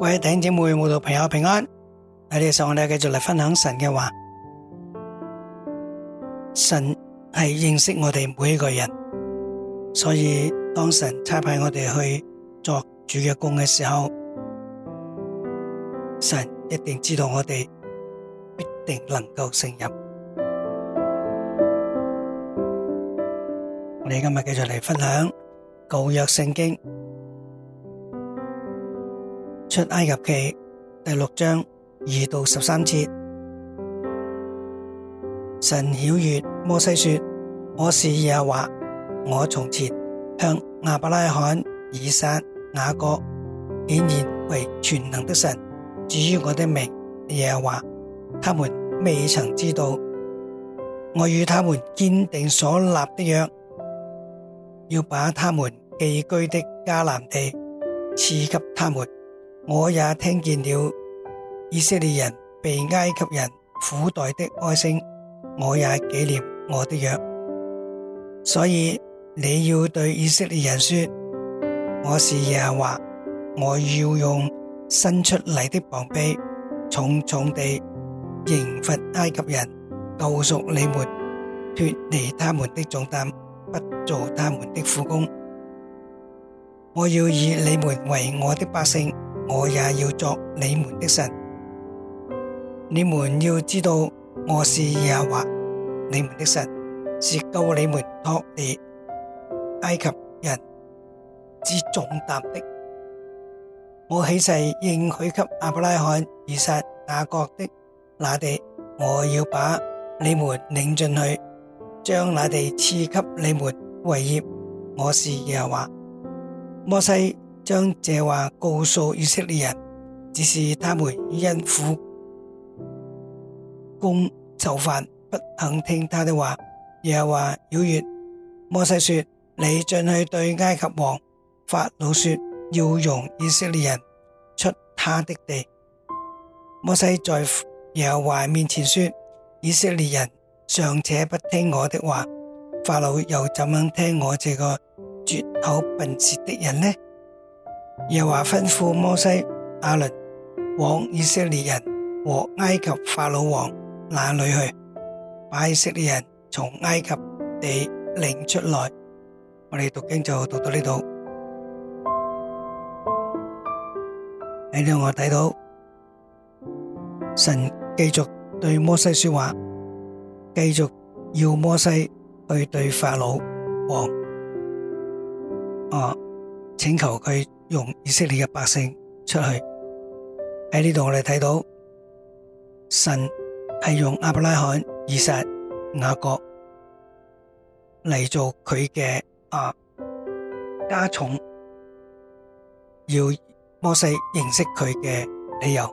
各位弟兄姊妹、信徒朋友平安，喺呢個時候我哋繼續嚟分享神嘅話，神係認識我哋每一個人，所以當神差派我哋去作主嘅工嘅時候，神一定知道我哋必定能夠勝任。我哋今日繼續嚟分享舊約聖經。出埃及記第六章二到十三節，神曉諭摩西說：我是耶和華，我從前向亞伯拉罕、以撒、雅各顯現為全能的神。至於我的名耶和華，他們未曾知道。我與他們堅定所立的約，要把他們寄居的迦南地賜給他們。我也聽見了以色列人被埃及人苦待的哀聲，我也紀念我的約。所以你要對以色列人說：我是耶和華，我要用伸出嚟的膀臂，重重地刑罰埃及人，救贖你們脫離他們的重擔，不做他們的苦工。我要以你們為我的百姓。我也要作你們的神，你們要知道我是耶和華你們的神，是救你們脫離埃及人之重擔的。我起誓應許給亞伯拉罕、以撒、雅各的那地，我要把你們領進去，將那地賜給你們為業。我是耶和華。摩西。將這話告訴以色列人，只是他們因苦工愁煩，不肯聽他的話。耶和華曉諭，摩西說：你進去對埃及王法老說，要容以色列人出他的地。摩西在耶和華面前說：以色列人尚且不聽我的話，法老又怎樣聽我這個絕口笨舌的人呢？又話吩咐摩西、亞倫往以色列人和埃及法老王那裏去，把以色列人從埃及地領出來。我哋讀經就讀到呢度，喺呢度我睇到神繼續對摩西說話，繼續要摩西去對法老王啊請求佢。用以色列嘅百姓出去。喺呢度，我哋睇到神係用亞伯拉罕、以撒、雅各嚟做佢嘅啊加重要摩西認識佢嘅理由，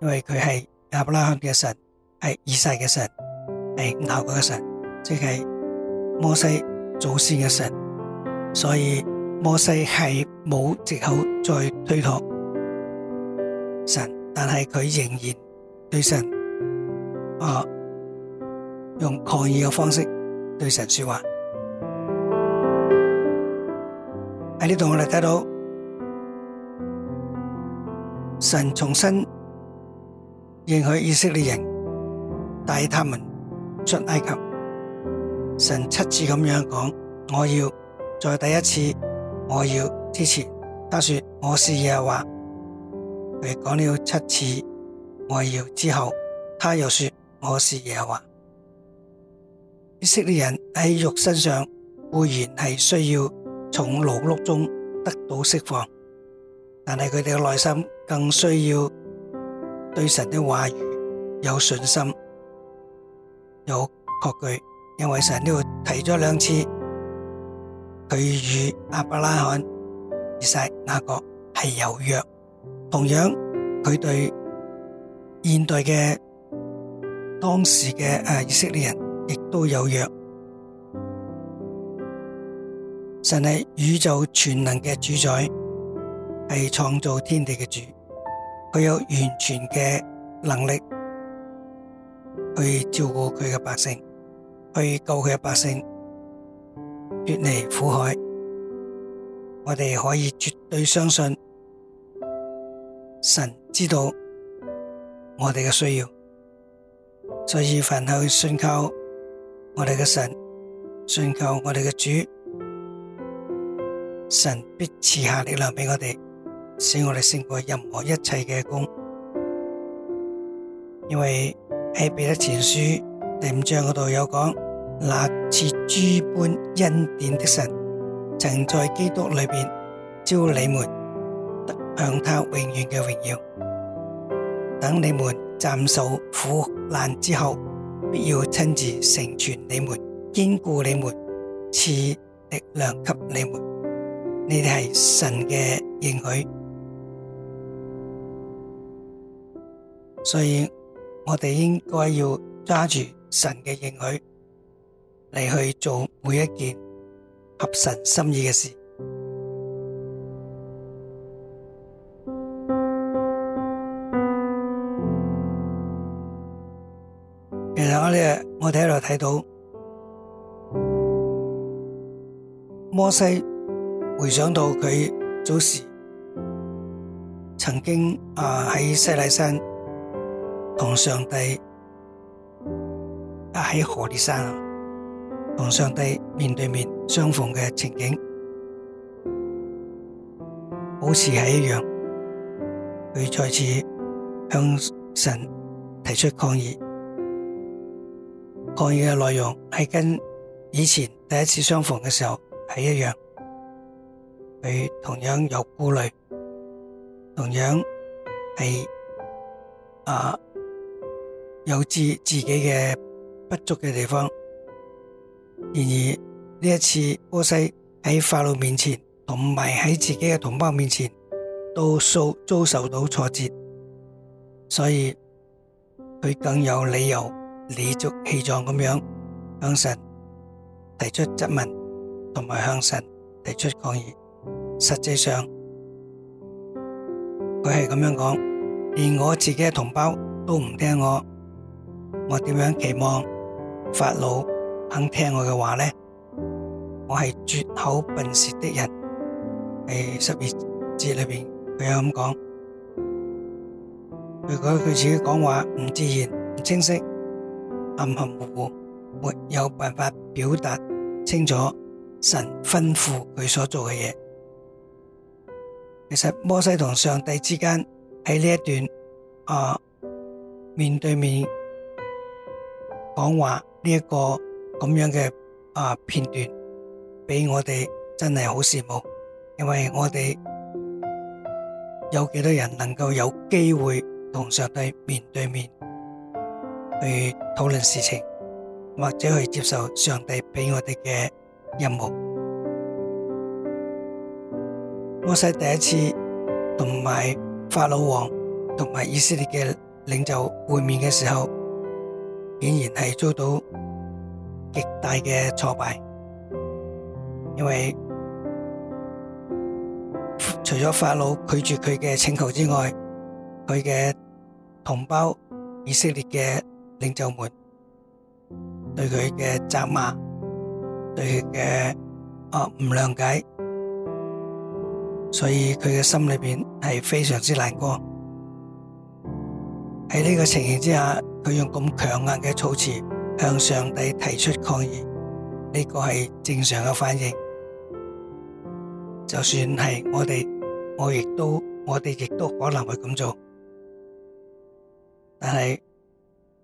因為佢係亞伯拉罕嘅神，係以撒嘅神，係雅各嘅神，即係摩西祖先嘅神，所以。摩西係冇借口再推托神，但係佢仍然對神啊用抗議嘅方式對神說話。喺呢度我哋睇到神重新認可以色列人，帶他們出埃及。神七次咁樣講，我要再第一次。我要之前，他說我是耶和華，係講了七次。我要之後，他又說我是耶和華。以色列人喺肉身上固然係需要從勞碌中得到釋放，但係佢哋嘅內心更需要對神的話語有信心，有確據，因為神呢度提咗兩次。佢與亞伯拉罕、以撒、雅各係有約，同樣佢對現代嘅當時嘅，誒，以色列人亦都有約。神係宇宙全能嘅主宰，係創造天地嘅主，佢有完全嘅能力去照顧佢嘅百姓，去救佢嘅百姓。脫離苦海，我哋可以絕對相信神知道我哋嘅需要，所以凡去信靠我哋嘅神，信靠我哋嘅主，神必賜下力量畀我哋，使我哋勝過任何一切嘅功。因為喺彼得前書第五章嗰度有講。那賜諸般恩典的神，曾在基督裏邊召你們得享他永遠嘅榮耀。等你們暫受苦難之後，必要親自成全你們，堅固你們，賜力量給你們。呢啲係神嘅應許，所以我哋應該要抓住神嘅應許。嚟去做每一件合神心意嘅事。其實我哋我睇睇到摩西回想到佢早時曾經啊喺西奈山同上帝啊喺何烈山啊。同上帝面對面相然而呢一次，波西喺法老面前，同埋喺自己嘅同胞面前，都受遭受到挫折，所以佢更有理由理直氣壯咁樣向神提出質問，同埋向神提出抗議。實際上，佢係咁樣講，連我自己嘅同胞都唔聽我，我點樣期望法老？肯聽我嘅話呢，我係絕口笨舌的人。喺十二節裏面，佢有咁講：如果佢自己講話唔自然，唔清晰、含含糊糊，沒有辦法表達清楚神吩咐佢所做嘅嘢。其實摩西同上帝之間喺呢一段啊，呃，面對面講話呢一，這個。咁樣嘅啊片段俾我哋真係好羨慕，因為我哋有幾多人能夠有機會同上帝面對面去討論事情，或者去接受上帝畀我哋嘅任務。摩西第一次同埋法老王同埋以色列嘅領袖會面嘅時候，竟然係遭到。極大嘅挫敗，因為除咗法老拒絕佢嘅請求之外，佢嘅同胞以色列嘅領袖們對佢嘅責罵，對佢嘅呃唔諒解，所以佢嘅心裏面係非常之難過。喺呢個情形之下，佢用咁強硬嘅措辭。向上帝提出抗議，呢、這個係正常嘅反應。就算係我哋，我亦都，我哋亦都可能會咁做。但係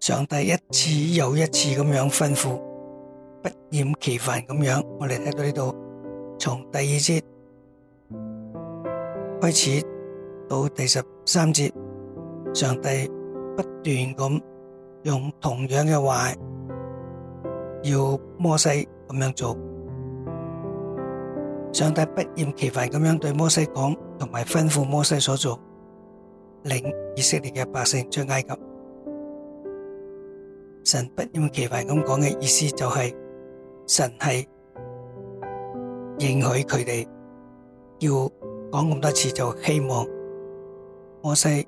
上帝一次又一次咁樣吩咐，不厭其煩咁樣，我哋睇到呢度，從第二節開始到第十三節，上帝不斷咁用同樣嘅話。要摩西咁樣做，上帝不厭其煩咁樣對摩西講，同埋吩咐摩西所做，令以色列嘅百姓出埃及。神不厭其煩咁講嘅意思就係，神係應許佢哋要講咁多次，就希望摩西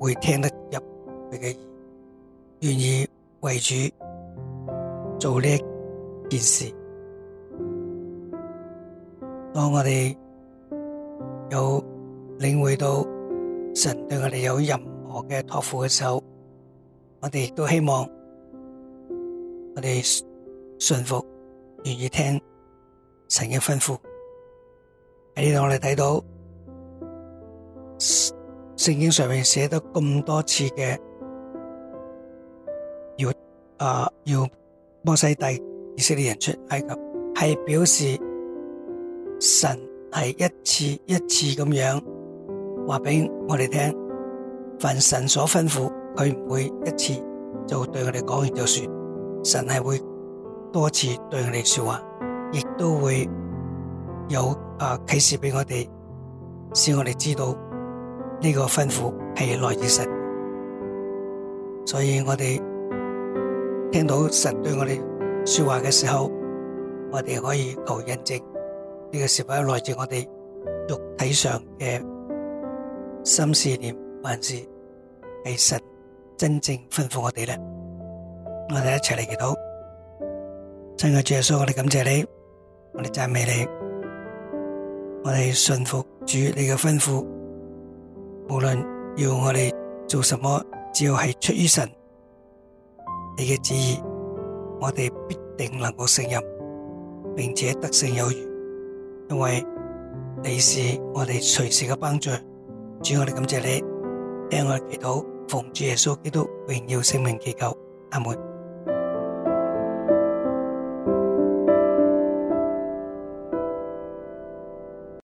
會聽得入佢嘅意，願意為主，做呢件事，當我哋有領會到神對我哋有任何嘅託付嘅時候，我哋亦都希望我哋信服，願意聽神嘅吩咐。喺呢度我哋睇到聖經上面寫得咁多次嘅要啊要。摩西帶以色列人出埃及，係表示神係一次一次咁樣話畀我哋聽，凡神所吩咐，佢唔會一次就對我哋講完就算，神係會多次對我哋說話，亦都會有啊啟示畀我哋，使我哋知道呢個吩咐係來自神，所以我哋。聽到神對我哋說話嘅時候，我哋可以求印證呢個是否來自我哋肉體上嘅心思念，還是係神真正吩咐我哋咧？我哋一齊嚟祈禱。親愛嘅主耶穌，我哋感謝你，我哋讚美你，我哋信服主你嘅吩咐，無論要我哋做什麼，只要係出於神。你嘅旨意，我哋必定能夠勝任，並且得勝有餘，因為你是我哋隨時嘅幫助。主，我哋感謝你，聽我哋祈禱，奉主耶穌基督榮耀聖名祈求，阿門。